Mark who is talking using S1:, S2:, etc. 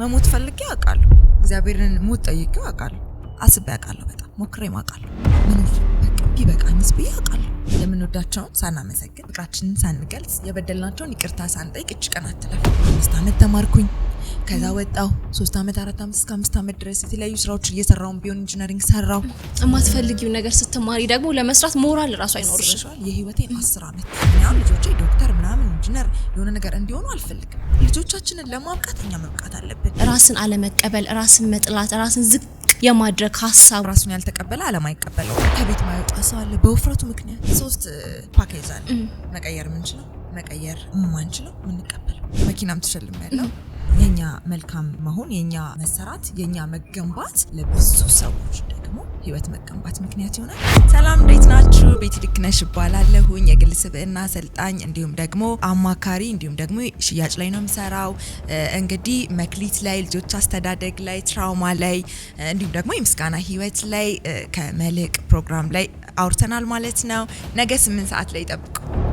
S1: መሞት ፈልጌ አውቃለሁ። እግዚአብሔርን ሞት ጠይቄው አውቃለሁ። አስቤ አውቃለሁ። በጣም ሞክሬም አውቃለሁ። በቅቢ ቢበቃኝስ ብዬ አውቃለሁ። የምንወዳቸውን ሳናመሰግን ፍቅራችንን ሳንገልጽ የበደልናቸውን ይቅርታ ሳንጠይቅ እች ቀን አትለፍ። አምስት ዓመት ተማርኩኝ። ከዛ ወጣው ሶስት ዓመት አራት ዓመት እስከ አምስት ዓመት ድረስ የተለያዩ ስራዎች እየሰራውን ቢሆን ኢንጂነሪንግ ሰራው።
S2: የማትፈልጊው ነገር ስትማሪ ደግሞ ለመስራት ሞራል ራሱ አይኖርሽ።
S1: የህይወቴ አስር ዓመት እኛም ልጆቼ ዶክተር ምናምን ኢንጂነር የሆነ ነገር እንዲሆኑ አልፈልግም። ልጆቻችንን ለማብቃት እኛ መብቃት አለብን።
S2: ራስን አለመቀበል፣ ራስን መጥላት፣ ራስን ዝቅ የማድረግ ሀሳብ
S1: ራሱን ያልተቀበለ አለም አይቀበለው። ከቤት ማይወጣ ሰው አለ በውፍረቱ ምክንያት። ሶስት ፓኬጅ አለ መቀየር የምንችለው መቀየር የማንችለው የምንቀበለው መኪናም ትሸልም ያለው የኛ መልካም መሆን የኛ መሰራት የኛ መገንባት ለብዙ ሰዎች ደግሞ ህይወት መገንባት ምክንያት ይሆናል። ሰላም እንዴት ናችሁ? ቤት ልክነሽ እባላለሁኝ። የግል ስብዕና አሰልጣኝ እንዲሁም ደግሞ አማካሪ እንዲሁም ደግሞ ሽያጭ ላይ ነው የምሰራው። እንግዲህ መክሊት ላይ፣ ልጆች አስተዳደግ ላይ፣ ትራውማ ላይ እንዲሁም ደግሞ የምስጋና ህይወት ላይ ከመልህቅ ፕሮግራም ላይ አውርተናል ማለት ነው። ነገ ስምንት ሰዓት ላይ ይጠብቁ።